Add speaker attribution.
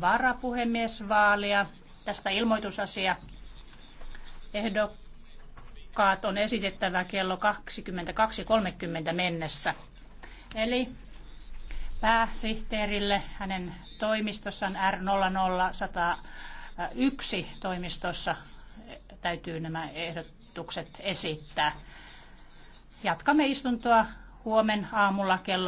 Speaker 1: varapuhemiesvaalia. Tästä ilmoitusasia. Ehdokkaat on esitettävä kello 22.30 mennessä. Eli pääsihteerille hänen toimistossaan R00101 toimistossa täytyy nämä ehdotukset esittää. Jatkamme istuntoa huomen
Speaker 2: aamulla kello